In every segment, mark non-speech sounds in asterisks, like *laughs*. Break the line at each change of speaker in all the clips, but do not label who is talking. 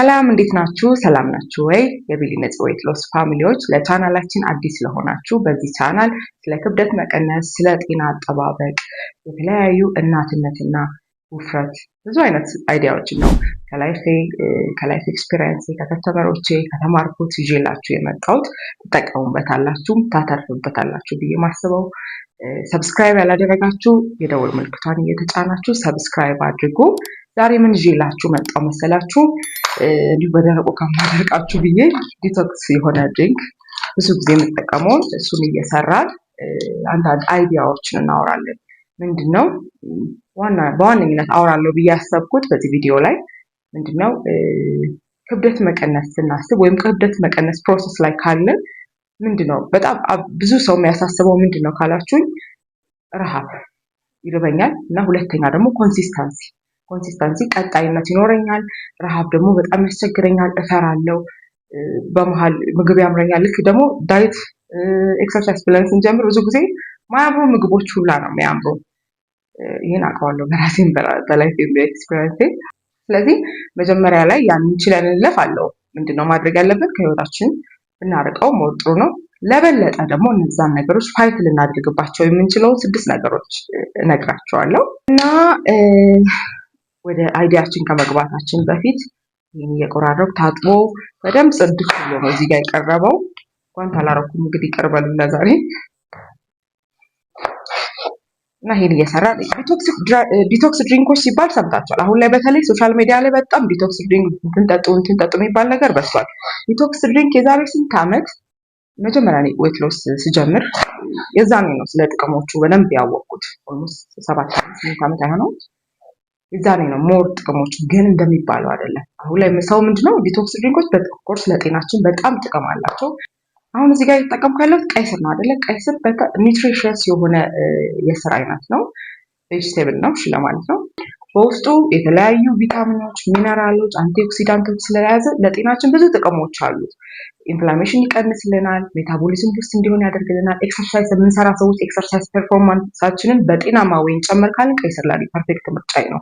ሰላም እንዴት ናችሁ? ሰላም ናችሁ ወይ? የቢሊነስ ዌት ሎስ ፋሚሊዎች ለቻናላችን አዲስ ለሆናችሁ በዚህ ቻናል ስለ ክብደት መቀነስ፣ ስለ ጤና አጠባበቅ፣ የተለያዩ እናትነትና ውፍረት ብዙ አይነት አይዲያዎችን ነው ከላይፌ ከላይፍ ኤክስፒሪየንስ ከተተመሮቼ ከተማርኩት ይዤላችሁ የመጣሁት። ትጠቀሙበታላችሁም ታተርፉበታላችሁ ብዬ ማስበው። ሰብስክራይብ ያላደረጋችሁ የደውል ምልክቷን እየተጫናችሁ ሰብስክራይብ አድርጉ። ዛሬ ምን ይዤላችሁ መጣሁ መሰላችሁ? እንዲሁ በደረቁ ከማደርቃችሁ ብዬ ዲቶክስ የሆነ ድሪንክ ብዙ ጊዜ የምጠቀመውን እሱን እየሰራን አንዳንድ አይዲያዎችን እናወራለን። ምንድን ነው በዋነኝነት አውራለሁ ብዬ ያሰብኩት በዚህ ቪዲዮ ላይ ምንድን ነው ክብደት መቀነስ ስናስብ ወይም ክብደት መቀነስ ፕሮሰስ ላይ ካለን ምንድን ነው በጣም ብዙ ሰው የሚያሳስበው ምንድን ነው ካላችሁኝ፣ ረሃብ ይርበኛል እና ሁለተኛ ደግሞ ኮንሲስተንሲ ኮንሲስተንሲ ቀጣይነት ይኖረኛል። ረሃብ ደግሞ በጣም ያስቸግረኛል፣ እፈራለሁ። በመሀል ምግብ ያምረኛል። ልክ ደግሞ ዳይት ኤክሰርሳይዝ ብለን ስንጀምር ብዙ ጊዜ ማያምሩ ምግቦች ሁላ ነው የሚያምሩ። ይህን አውቀዋለሁ በራሴን በላይ ኤክስፔሪንስ። ስለዚህ መጀመሪያ ላይ ያንን ችለን እንለፍ አለው። ምንድነው ማድረግ ያለብን? ከህይወታችን ብናርቀው መወጥሩ ነው። ለበለጠ ደግሞ እነዛን ነገሮች ፋይት ልናደርግባቸው የምንችለውን ስድስት ነገሮች እነግራቸዋለሁ እና ወደ አይዲያችን ከመግባታችን በፊት ይህን እየቆራረብ ታጥቦ በደንብ ጽድቅ ብሎ ነው እዚህ ጋር የቀረበው። እንኳን አላረኩም እንግዲህ ይቀርበል ለዛሬ እና ይህን እየሰራ ዲቶክስ ድሪንኮች ሲባል ሰምታችኋል። አሁን ላይ በተለይ ሶሻል ሚዲያ ላይ በጣም ዲቶክስ ድሪንክ እንትን ጠጡ የሚባል ነገር በዝቷል። ዲቶክስ ድሪንክ የዛሬ ስንት ዓመት መጀመሪያ ላይ ዌት ሎስ ስጀምር የዛኔ ነው ስለ ጥቅሞቹ በደንብ ያወቅኩት። ኦልሞስት ሰባት ስምንት ዓመት አይሆነውም። የዛኔ ነው ሞር ጥቅሞች ግን እንደሚባለው አይደለም። አሁን ላይ ሰው ምንድነው ዲቶክስ ድሪንኮች በኮርስ ለጤናችን በጣም ጥቅም አላቸው። አሁን እዚህ ጋር የተጠቀምኩ ያለሁት ቀይ ስር ነው አይደለ? ቀይ ስር ኒውትሪሽንስ የሆነ የስር አይነት ነው። ቬጅቴብል ነው ለማለት ነው። በውስጡ የተለያዩ ቪታሚኖች፣ ሚነራሎች፣ አንቲኦክሲዳንቶች ስለያዘ ለጤናችን ብዙ ጥቅሞች አሉት። ኢንፍላሜሽን ይቀንስልናል፣ ሜታቦሊዝም ውስጥ እንዲሆን ያደርግልናል። ኤክሰርሳይዝ የምንሰራ ሰዎች ኤክሰርሳይዝ ፐርፎርማንሳችንን በጤናማ ወይም ጨምር ካልን ቀይስር ላይ ፐርፌክት ምርጫይ ነው።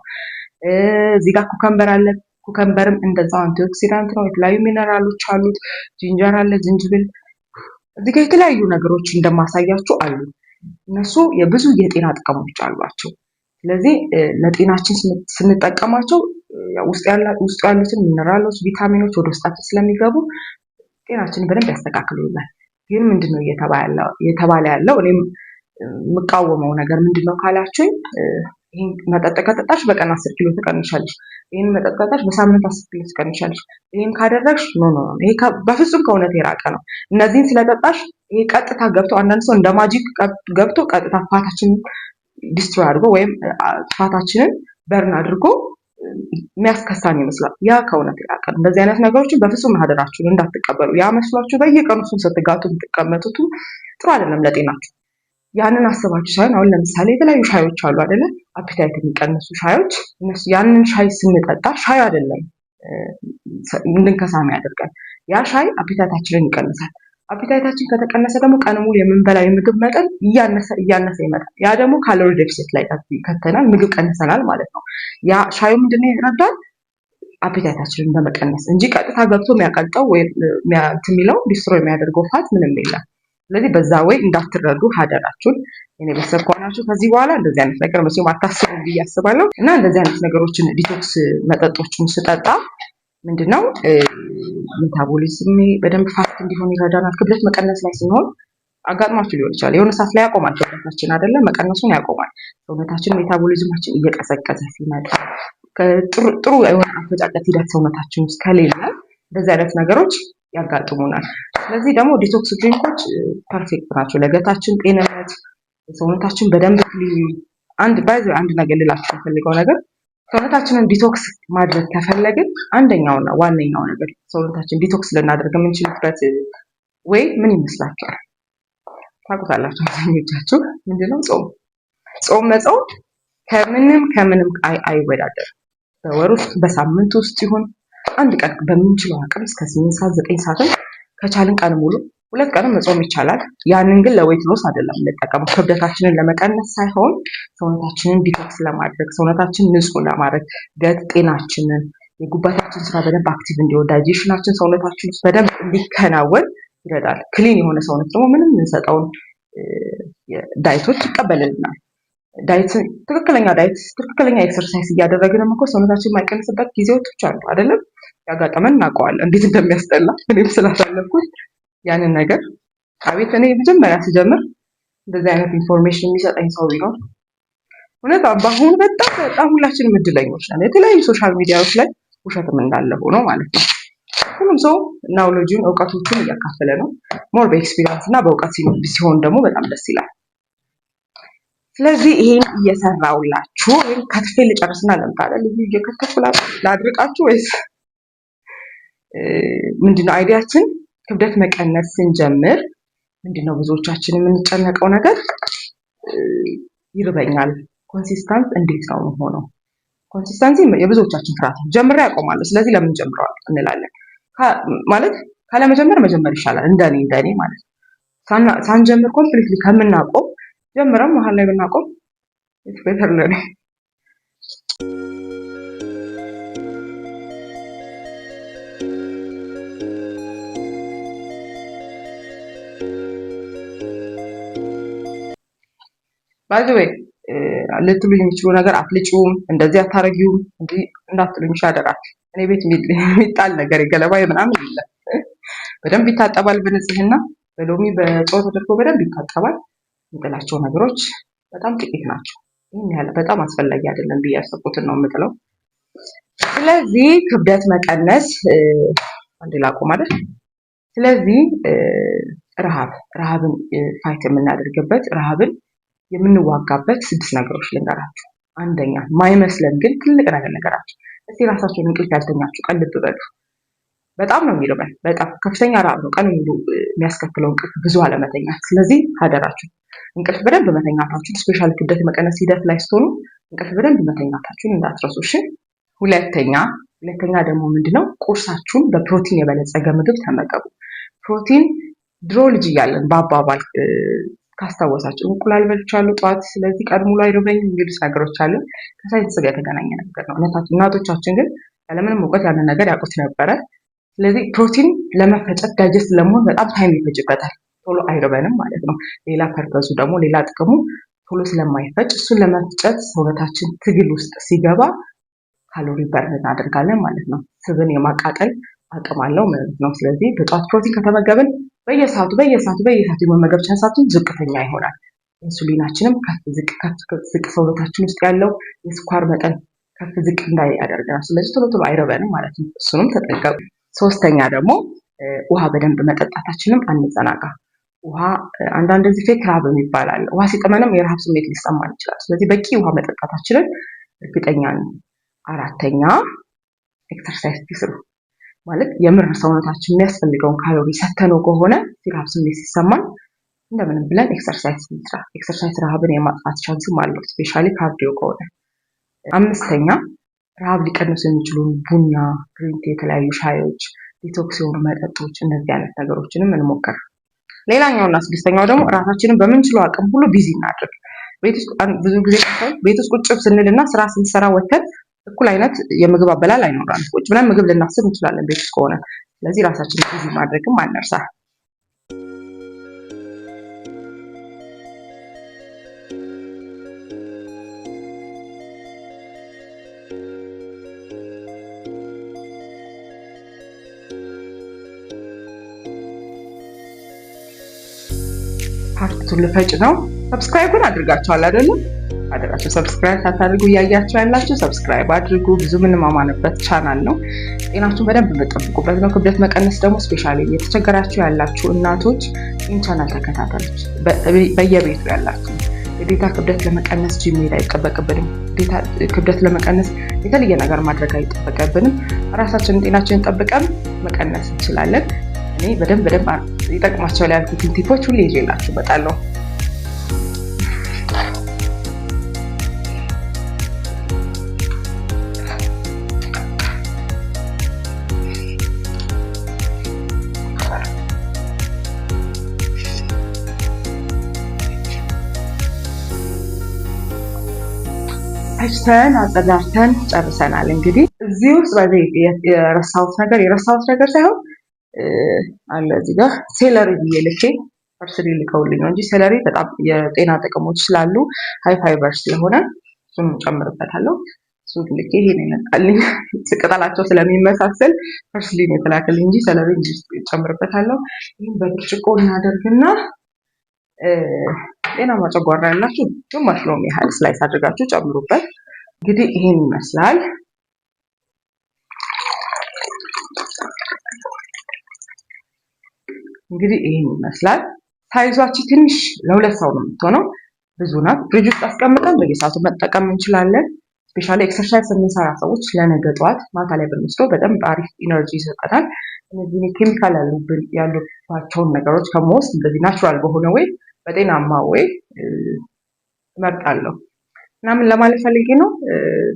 እዚህ ጋር ኩከምበር አለ። ኩከምበርም እንደዛው አንቲኦክሲዳንት ነው። የተለያዩ ሚነራሎች አሉት። ጂንጀር አለ፣ ዝንጅብል። እዚህ ጋር የተለያዩ ነገሮች እንደማሳያችሁ አሉ። እነሱ የብዙ የጤና ጥቅሞች አሏቸው። ስለዚህ ለጤናችን ስንጠቀማቸው ውስጡ ያሉትን ሚነራሎች፣ ቪታሚኖች ወደ ውስጣችን ስለሚገቡ ጤናችንን በደንብ ያስተካክሉልናል። ግን ምንድነው እየተባለ ያለው እኔም የምቃወመው ነገር ምንድነው ካላችሁኝ ይህን መጠጥ ከጠጣሽ በቀን አስር ኪሎ ትቀንሻለሽ፣ ይህን መጠጥ ከጠጣሽ በሳምንት አስር ኪሎ ትቀንሻለሽ፣ ይህን ካደረግሽ ኖ ኖ ኖ፣ ይሄ በፍጹም ከእውነት የራቀ ነው። እነዚህን ስለጠጣሽ ይሄ ቀጥታ ገብቶ አንዳንድ ሰው እንደ ማጂክ ገብቶ ቀጥታ ፋታችን ዲስትሮ አድርጎ ወይም ጥፋታችንን በርን አድርጎ የሚያስከሳን ይመስላል። ያ ከእውነት የራቀ እንደዚህ አይነት ነገሮችን በፍጹም ማህደራችሁን እንዳትቀበሉ። ያ መስሏችሁ በየቀኑ እሱን ስትጋቱ ብትቀመጡቱ ጥሩ አይደለም ለጤናችሁ። ያንን አስባችሁ ሳይሆን አሁን ለምሳሌ የተለያዩ ሻዮች አሉ አይደለ? አፒታይት የሚቀንሱ ሻዮች። ያንን ሻይ ስንጠጣ ሻይ አይደለም እንድንከሳ የሚያደርገን ያ ሻይ አፒታይታችንን ይቀንሳል። አፒታይታችን ከተቀነሰ ደግሞ ቀን ሙሉ የምንበላው የምግብ መጠን እያነሰ እያነሰ ይመጣል። ያ ደግሞ ካሎሪ ዴፊሲት ላይ ይከተናል፣ ምግብ ቀንሰናል ማለት ነው። ያ ሻዩ ምንድነው ይረዳል አፒታይታችንን በመቀነስ እንጂ ቀጥታ ገብቶ የሚያቀልጠው ወይም የሚለው ዲስትሮ የሚያደርገው ፋት ምንም የለም። ስለዚህ በዛ ወይ እንዳትረዱ ሀደራችሁን እኔ ቤተሰብ ከሆናችሁ ከዚህ በኋላ እንደዚህ አይነት ነገር መቼም አታስቡ ብዬ አስባለሁ እና እንደዚህ አይነት ነገሮችን ዲቶክስ መጠጦችን ስጠጣ ምንድነው ሜታቦሊዝም በደንብ ፋስት እንዲሆን ይረዳናል። ክብደት መቀነስ ላይ ሲሆን አጋጥሟችሁ ሊሆን ይችላል። የሆነ ሰዓት ላይ ያቆማል ሰውነታችን አይደለ መቀነሱን ያቆማል። ሰውነታችን ሜታቦሊዝማችን እየቀዘቀዘ ሲመጣ ጥሩ የሆነ አፈጫጨት ሂደት ሰውነታችን ውስጥ ከሌለ እንደዚህ አይነት ነገሮች ያጋጥሙናል። ስለዚህ ደግሞ ዲቶክስ ድሪንኮች ፐርፌክት ናቸው ለገታችን ጤንነት፣ ሰውነታችን በደንብ አንድ ባይዘ አንድ ነገር ልላችሁ የምፈልገው ነገር ሰውነታችንን ዲቶክስ ማድረግ ከፈለግን አንደኛውና ዋነኛው ነገር ሰውነታችን ዲቶክስ ልናደርግ የምንችልበት ወይ ምን ይመስላችኋል? ታውቁታላችሁ አብዛኞቻችሁ። ምንድነው ጾም ጾም መጾም ከምንም ከምንም አይወዳደርም። በወር ውስጥ በሳምንት ውስጥ ይሁን አንድ ቀን በምንችለው አቅም እስከ ስምንት ሰዓት ዘጠኝ ሰዓት ከቻልን ቀን ሙሉ ሁለት ቀንም መጾም ይቻላል። ያንን ግን ለዌት ሎስ አይደለም የምንጠቀመው ክብደታችንን ለመቀነስ ሳይሆን ሰውነታችንን ዲቶክስ ለማድረግ ሰውነታችን ንጹህ ለማድረግ ገጥ ጤናችንን የጉበታችን ስራ በደንብ አክቲቭ እንዲሆን ዳይጀሽናችን ሰውነታችን ውስጥ በደንብ እንዲከናወን ይረዳል። ክሊን የሆነ ሰውነት ደግሞ ምንም የምንሰጠውን ዳይቶች ይቀበልልናል። ትክክለኛ ዳይት ትክክለኛ ኤክሰርሳይዝ እያደረግን እኮ ሰውነታችን የማይቀንስበት ጊዜዎች አሉ አይደለም። ያጋጠመን እናውቀዋለን እንዴት እንደሚያስጠላ እኔም ስላሳለፍኩት ያንን ነገር አቤት እኔ መጀመሪያ ስጀምር እንደዚህ አይነት ኢንፎርሜሽን የሚሰጠኝ ሰው ቢኖር እውነት በአሁኑ በጣም በጣም ሁላችንም እድለኞች ነን። የተለያዩ ሶሻል ሚዲያዎች ላይ ውሸትም እንዳለ ሆኖ ማለት ነው። ሁሉም ሰው ናውሎጂውን እውቀቶቹን እያካፈለ ነው። ሞር በኤክስፒሪንስ እና በእውቀት ሲሆን ደግሞ በጣም ደስ ይላል። ስለዚህ ይሄን እየሰራውላችሁ ወይም ከትፌ ልጨርስና ለምታለ ልዩ እየከተፍኩ ላድርቃችሁ ወይስ ምንድነው አይዲያችን? ክብደት መቀነስ ስንጀምር ምንድን ነው ብዙዎቻችን የምንጨነቀው ነገር ይርበኛል። ኮንሲስታንስ እንዴት ነው መሆነው? ኮንሲስታንሲ የብዙዎቻችን ፍርሃት ነው። ጀምሬ ያቆማለሁ፣ ስለዚህ ለምን ጀምረዋል እንላለን። ማለት ካለመጀመር መጀመር ይሻላል፣ እንደኔ እንደኔ ማለት ነው። ሳንጀምር ኮምፕሊትሊ ከምናቆም ጀምረም መሀል ላይ ብናቆም ቤተር ነው። ባይዘወይ eh, ልትሉኝ የሚችሉ ነገር አትልጪውም፣ እንደዚህ አታረጊውም እንዲህ እንዳትሉኝ ሻደራችሁ። እኔ ቤት የሚጣል ነገር የገለባ ምናምን የለም። *laughs* በደንብ ይታጠባል፣ በንጽህና በሎሚ በጨው ተደርጎ በደንብ ይታጠባል። የምጥላቸው ነገሮች በጣም ጥቂት ናቸው። ይህን ያህል በጣም አስፈላጊ አይደለም ብዬ ያሰብኩትን ነው የምጥለው። ስለዚህ ክብደት መቀነስ አንድ ላቁም አይደል? ስለዚህ ረሃብ ረሃብን ፋይት የምናደርግበት ረሃብን የምንዋጋበት ስድስት ነገሮች ልንገራችሁ። አንደኛ ማይመስለን ግን ትልቅ ነገር ነገራችሁ። እስቲ ራሳችሁን እንቅልፍ ያልተኛችሁ ቀን ልብ በሉ። በጣም ነው የሚርበን። በጣም ከፍተኛ ራብ ነው ቀን ሙሉ የሚያስከትለው እንቅልፍ ብዙ አለመተኛት። ስለዚህ አደራችሁ እንቅልፍ በደንብ መተኛታችሁን ስፔሻል ክብደት መቀነስ ሂደት ላይ ስትሆኑ እንቅልፍ በደንብ መተኛታችሁን እንዳትረሱ እሺ። ሁለተኛ ሁለተኛ ደግሞ ምንድነው ቁርሳችሁን በፕሮቲን የበለጸገ ምግብ ተመገቡ። ፕሮቲን ድሮ ልጅ እያለን በአባባል ካስታወሳችሁ እንቁላል በልቻሉ ጠዋት፣ ስለዚህ ቀድሞ ላይ ርበኝ እንግዲህ ነገሮች አሉ ከሳይንስ ጋር የተገናኘ ነገር ነው። እናቶቻችን ግን ያለምንም እውቀት ያንን ነገር ያውቁት ነበረ። ስለዚህ ፕሮቲን ለመፈጨት ዳይጀስት ለመሆን በጣም ታይም ይፈጅበታል፣ ቶሎ አይርበንም ማለት ነው። ሌላ ፐርፐሱ ደግሞ ሌላ ጥቅሙ ቶሎ ስለማይፈጭ እሱን ለመፍጨት ሰውነታችን ትግል ውስጥ ሲገባ ካሎሪ በርን እናደርጋለን ማለት ነው። ስብን የማቃጠል አቅም አለው ማለት ነው። ስለዚህ በጧት ፕሮቲን ከተመገብን በየሰዓቱ በየሰዓቱ በየሰዓቱ የመመገብ ቻንሳችን ዝቅተኛ ይሆናል። ኢንሱሊናችንም ከፍ ዝቅ ከፍ ዝቅ ሰውነታችን ውስጥ ያለው የስኳር መጠን ከፍ ዝቅ እንዳይ ያደርገናል። ስለዚህ ቶሎ ቶሎ አይረበንም ማለት ነው። እሱንም ተጠንቀቁ። ሶስተኛ ደግሞ ውሃ በደንብ መጠጣታችንም አንዘናጋ። ውሃ አንዳንድ ጊዜ ፌክ ረሃብ የሚባል ውሃ ሲጠመንም የረሃብ ስሜት ሊሰማን ይችላል። ስለዚህ በቂ ውሃ መጠጣታችንን እርግጠኛ ነው። አራተኛ ኤክሰርሳይዝ ትስሩ። ማለት የምር ሰውነታችን የሚያስፈልገውን ካሎሪ ሰተነው ከሆነ ሲራብ ስሜት ሲሰማን እንደምንም ብለን ኤክሰርሳይዝ እንስራ። ኤክሰርሳይዝ ረሃብን የማጥፋት ቻንስም አለው፣ ስፔሻሊ ካርዲዮ ከሆነ። አምስተኛ ረሃብ ሊቀንሱ የሚችሉ ቡና፣ ግሪንቲ፣ የተለያዩ ሻዮች፣ ዲቶክስ የሆኑ መጠጦች፣ እነዚህ አይነት ነገሮችንም እንሞክር። ሌላኛውና ስድስተኛው ደግሞ ራሳችንን በምንችለው አቅም ሁሉ ቢዚ እናድርግ። ብዙ ጊዜ ቤት ውስጥ ቁጭ ስንል እና ስራ ስንሰራ ወተን እኩል አይነት የምግብ አበላል አይኖራል። ቁጭ ብለን ምግብ ልናስብ እንችላለን ቤት ውስጥ ከሆነ። ስለዚህ ራሳችን ጊዜ ማድረግም አነርሳ ፓርቱን ልፈጭ ነው። ሰብስክራይብን አድርጋችኋል አይደለም? አደራችሁ ሰብስክራይብ ሳታደርጉ እያያችሁ ያላቸው ሰብስክራይብ አድርጉ። ብዙ የምንማማንበት ቻናል ነው። ጤናችሁን በደንብ የምጠብቁበት ነው። ክብደት መቀነስ ደግሞ ስፔሻሊ የተቸገራችሁ ያላችሁ እናቶች ይህን ቻናል ተከታተሉች። በየቤቱ ያላችሁ ግዴታ ክብደት ለመቀነስ ጂሜል መሄድ አይጠበቅብንም። ክብደት ለመቀነስ የተለየ ነገር ማድረግ አይጠበቀብንም። ራሳችንን ጤናችንን ጠብቀን መቀነስ እንችላለን። እኔ በደንብ በደንብ ይጠቅማቸዋል ያልኩትን ቲፖች ሁሌ ይዤላችሁ እመጣለሁ። ሰርተን አጸዳርተን ጨርሰናል። እንግዲህ እዚህ ውስጥ በዚህ የረሳሁት ነገር የረሳሁት ነገር ሳይሆን አለ እዚህ ጋር ሴለሪ ብዬ ልኬ ፐርስሪ ልከውልኝ ነው እንጂ ሴለሪ በጣም የጤና ጥቅሞች ስላሉ ሀይ ፋይበር ስለሆነ እሱን ጨምርበታለሁ። እሱን ልኬ ይሄን ይመጣልኝ ቅጠላቸው ስለሚመሳሰል ፐርስሊ ነው የተላከልኝ እንጂ ሴለሪ ጨምርበታለሁ። ይህም በብርጭቆ እናደርግና ጤናማ ጨጓራ ያላችሁ ግማሽ ሎሚ ያህል ስላይስ አድርጋችሁ ጨምሩበት። እንግዲህ ይሄን ይመስላል። እንግዲህ ይሄን ይመስላል። ሳይዟችን ትንሽ ለሁለት ሰው ነው የምትሆነው፣ ብዙ ናት። ፍሪጅ ውስጥ አስቀምጠን በየሰዓቱ መጠቀም እንችላለን። ስፔሻሊ ኤክሰርሳይዝ የምንሰራ ሰዎች ለነገ ጠዋት ማታ ላይ ብንወስደው በጣም አሪፍ ኢነርጂ ይሰጠናል። እነዚህ ኬሚካል ያሉባቸውን ነገሮች ከመወስድ እንደዚህ ናቹራል በሆነ ወይ በጤናማ ወይ እመርጣለሁ። ምናምን ለማለት ፈልጌ ነው።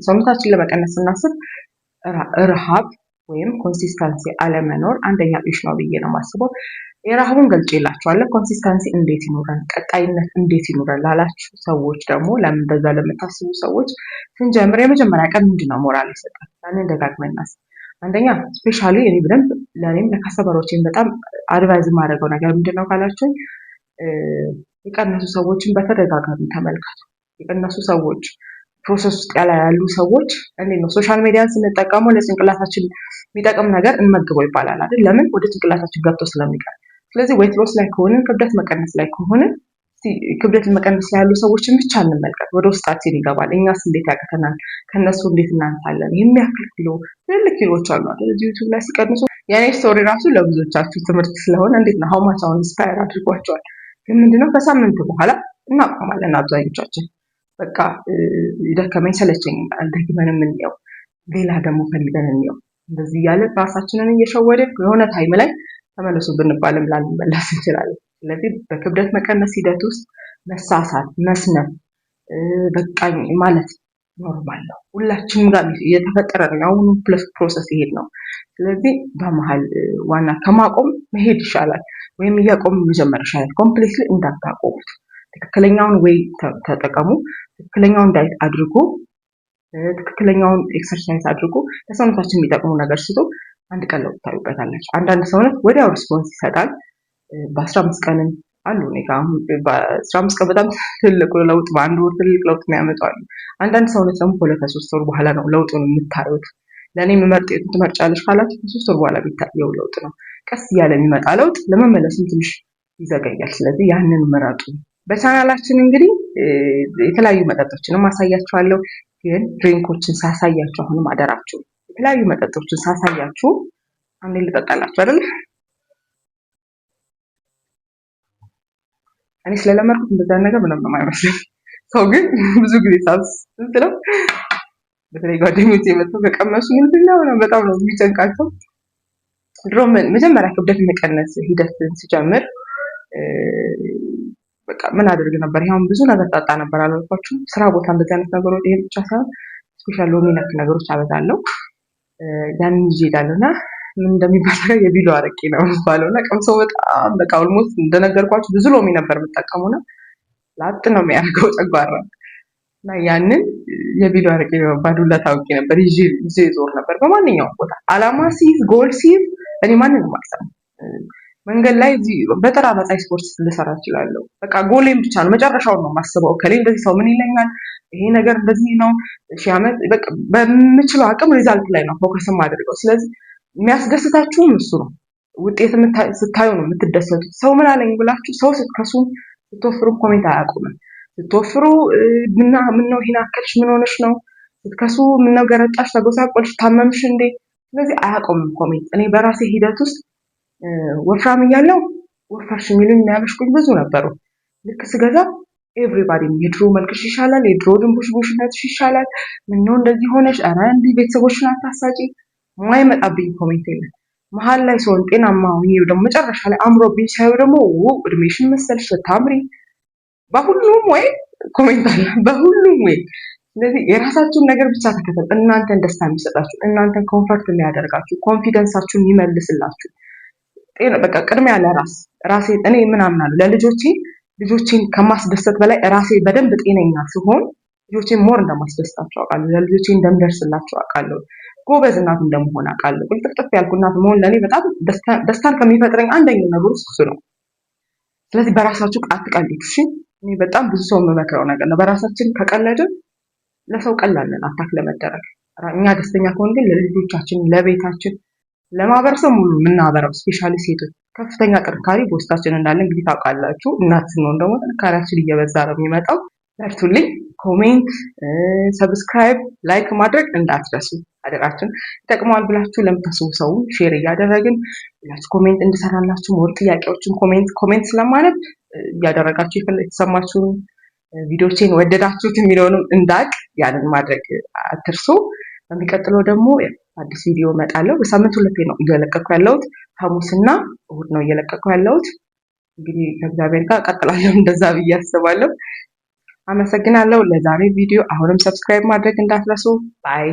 ሰውነታችን ለመቀነስ ስናስብ ረሃብ ወይም ኮንሲስተንሲ አለመኖር አንደኛ ሽ ነው ብዬ ነው የማስበው። የረሃቡን ገልጭ የላችኋለሁ። ኮንሲስተንሲ እንዴት ይኖረን፣ ቀጣይነት እንዴት ይኖረን ላላችሁ ሰዎች ደግሞ ለምን በዛ ለምታስቡ ሰዎች ስንጀምር የመጀመሪያ ቀን ምንድን ነው ሞራል ይሰጣል። ያንን ደጋግመን እናስብ። አንደኛ ስፔሻሊ እኔ በደንብ ለእኔም ለካስተመሮቼም በጣም አድቫይዝ የማደርገው ነገር ምንድን ነው ካላችሁኝ የቀነሱ ሰዎችን በተደጋጋሚ ተመልከቱ። እነሱ ሰዎች ፕሮሰስ ውስጥ ያለ ያሉ ሰዎች እንዴት ነው ሶሻል ሚዲያን ስንጠቀመው ለጭንቅላታችን የሚጠቅም ነገር እንመግበው ይባላል አይደል? ለምን ወደ ጭንቅላታችን ገብቶ ስለሚቀር። ስለዚህ ዌይት ሎስ ላይ ከሆንን ክብደት መቀነስ ላይ ከሆንን ክብደት መቀነስ ላይ ያሉ ሰዎችን ብቻ እንመልከት። ወደ ውስጣችን ይገባል። እኛስ እንዴት ያቅተናል? ከእነሱ እንዴት እናንሳለን? የሚያክል ኪሎ ትልልቅ ኪሎዎች አሉ አይደል? ዩቱብ ላይ ሲቀንሱ የእኔ ስቶሪ ራሱ ለብዙዎቻችሁ ትምህርት ስለሆነ እንዴት ነው ሀውማቻውን ስፓየር አድርጓቸዋል። ግን ምንድነው ከሳምንት በኋላ እናቆማለን አብዛኞቻችን በቃ ደከመኝ ሰለቸኝ አልደግመን የምንየው ሌላ ደግሞ ፈልገን እንየው፣ እንደዚህ እያለ ራሳችንን እየሸወደ የሆነ ታይም ላይ ተመለሱ ብንባልም ላንመለስ እንችላለን። ስለዚህ በክብደት መቀነስ ሂደት ውስጥ መሳሳት፣ መስነፍ፣ በቃ ማለት ኖርማል ነው። ሁላችንም ጋር እየተፈጠረ ነው። የአሁኑ ፕለስ ፕሮሰስ ይሄድ ነው። ስለዚህ በመሀል ዋና ከማቆም መሄድ ይሻላል። ወይም እያቆም መጀመር ይሻላል። ኮምፕሊትሊ እንዳታቆሙት። ትክክለኛውን ወይ ተጠቀሙ። ትክክለኛውን ዳይት አድርጉ። ትክክለኛውን ኤክሰርሳይዝ አድርጉ። ለሰውነታችን የሚጠቅሙ ነገር ስጡ። አንድ ቀን ለውጥ ታዩበታላችሁ። አንዳንድ ሰውነት ወዲያው ሪስፖንስ ይሰጣል። በአስራ አምስት ቀንም አሉ በአስራ አምስት ቀን በጣም ትልቅ ለውጥ፣ በአንድ ወር ትልቅ ለውጥ የሚያመጡ አሉ። አንዳንድ ሰውነት ደግሞ ሁለት ከሶስት ወር በኋላ ነው ለውጡን የምታዩት። ለእኔ የምመርጥ የቱን ትመርጫለች ካላችሁ ከሶስት ወር በኋላ የሚታየው ለውጥ ነው። ቀስ እያለ የሚመጣ ለውጥ ለመመለስም ትንሽ ይዘገያል። ስለዚህ ያንን ምረጡ። በቻናላችን እንግዲህ የተለያዩ መጠጦችን ማሳያችኋለሁ። ግን ድሪንኮችን ሳሳያችሁ አሁንም አደራችሁ የተለያዩ መጠጦችን ሳሳያችሁ አንዴ ልጠጣላችሁ አይደል? እኔ ስለለመድኩት እንደዛ ነገር ምንም የማይመስለኝ ሰው ግን ብዙ ጊዜ ሳብስ ስለው በተለይ ጓደኞች የመጡ ከቀመሱ ምንድነው በጣም ነው የሚጨንቃቸው። ድሮ መጀመሪያ ክብደት መቀነስ ሂደትን ስጀምር በቃ ምን አድርግ ነበር? ይሄውን ብዙ ነገር ጣጣ ነበር አላልኳችሁ? ስራ ቦታ እንደዚህ አይነት ነገሮች ይሄ ብቻ ሳይሆን ስፔሻል ሎሚ ነክ ነገሮች አበዛለሁ። ያንን ይዤ እሄዳለሁ እና ምን እንደሚባል ነገር የቢሎ አረቄ ነው የሚባለው እና ቀምሶ በጣም በቃ ኦልሞስት እንደነገርኳችሁ ብዙ ሎሚ ነበር የምጠቀሙና ላጥ ነው የሚያደርገው ጨጓራ እና ያንን የቢሎ አረቄ በመባል ሁላ ታውቂ ነበር ይዤ ዞር ነበር በማንኛውም ቦታ አላማ ሲይዝ ጎል ሲይዝ እኔ ማንንም አልሰማም። መንገድ ላይ በተራ መጻይ ስፖርት ልሰራ እችላለሁ። በቃ ጎሌም ብቻ ነው፣ መጨረሻውን ነው የማስበው። ከሌ እንደዚህ ሰው ምን ይለኛል፣ ይሄ ነገር እንደዚህ ነው፣ ሺ በምችለው አቅም ሪዛልት ላይ ነው ፎከስም አድርገው። ስለዚህ የሚያስደስታችሁም እሱ ነው። ውጤት ስታዩ ነው የምትደሰቱት። ሰው ምን አለኝ ብላችሁ ሰው ስትከሱ ስትወፍሩ ኮሜንት አያውቁምም። ስትወፍሩ ምና ምነው ይሄን አከልሽ ምን ሆነሽ ነው ስትከሱ ምነው ገረጣሽ፣ ተጎሳቆልሽ፣ ታመምሽ እንዴ? ስለዚህ አያውቁምም ኮሜንት እኔ በራሴ ሂደት ውስጥ ወፍራም እያለው ወፈርሽ የሚሉኝ የሚያበሽቁኝ ብዙ ነበሩ። ልክ ስገዛ ኤቭሪባዲም የድሮ መልክሽ ይሻላል፣ የድሮ ድንቡሽቡሽነትሽ ይሻላል፣ ምነው እንደዚህ ሆነሽ፣ ኧረ እንዲህ ቤተሰቦችን አታሳጪ። ማይመጣብኝ ኮሜንት የለም መሀል ላይ ሰውን ጤናማ ደግሞ መጨረሻ ላይ አምሮብኝ ሳይው ደግሞ ው እድሜሽን መሰልሽ ታምሪ። በሁሉም ወይ ኮሜንት አለ፣ በሁሉም ወይ። ስለዚህ የራሳችሁን ነገር ብቻ ተከተል። እናንተን ደስታ የሚሰጣችሁ፣ እናንተን ኮንፈርት የሚያደርጋችሁ፣ ኮንፊደንሳችሁን ይመልስላችሁ በቃ ቅድሚያ ለራስ ራሴ እኔ ምን አምናለሁ ለልጆቼ ልጆቼን ከማስደሰት በላይ ራሴ በደንብ ጤነኛ ስሆን ልጆቼን ሞር እንደማስደስታቸው አውቃለሁ። ለልጆቼ እንደምደርስላቸው አውቃለሁ። ጎበዝ እናት እንደመሆን አውቃለሁ። ቁልጥፍጥፍ ያልኩ እናት መሆን ለእኔ በጣም ደስታን ከሚፈጥረኝ አንደኛው ነገር ውስጥ እሱ ነው። ስለዚህ በራሳችሁ አትቀልዱ። እሺ፣ እኔ በጣም ብዙ ሰው የምመክረው ነገር ነው። በራሳችን ከቀለድን ለሰው ቀላለን አታክ ለመደረግ እኛ ደስተኛ ከሆን ግን ለልጆቻችን ለቤታችን ለማህበረሰብ ሙሉ የምናበረው ስፔሻሊ ሴቶች ከፍተኛ ጥንካሬ በውስጣችን እንዳለ እንግዲህ ታውቃላችሁ። እናት ስንሆን ደግሞ ጥንካሬያችን እየበዛ ነው የሚመጣው። በርቱልኝ። ኮሜንት፣ ሰብስክራይብ፣ ላይክ ማድረግ እንዳትረሱ አደራችን። ይጠቅመዋል ብላችሁ ለምታስቡ ሰው ሼር እያደረግን ብላችሁ ኮሜንት እንድሰራላችሁ ሞር ጥያቄዎችን ኮሜንት ኮሜንት ስለማለት እያደረጋችሁ የተሰማችሁን ቪዲዮችን ወደዳችሁት የሚለውንም እንዳቅ ያንን ማድረግ አትርሱ። በሚቀጥለው ደግሞ አዲስ ቪዲዮ እመጣለሁ። በሳምንት ሁለቴ ነው እየለቀኩ ያለሁት፣ ሐሙስና እሁድ ነው እየለቀኩ ያለሁት። እንግዲህ ከእግዚአብሔር ጋር ቀጥላለሁ፣ *laughs* እንደዛ ብዬ አስባለሁ። አመሰግናለሁ። ለዛሬ ቪዲዮ አሁንም ሰብስክራይብ ማድረግ እንዳትረሱ። ባይ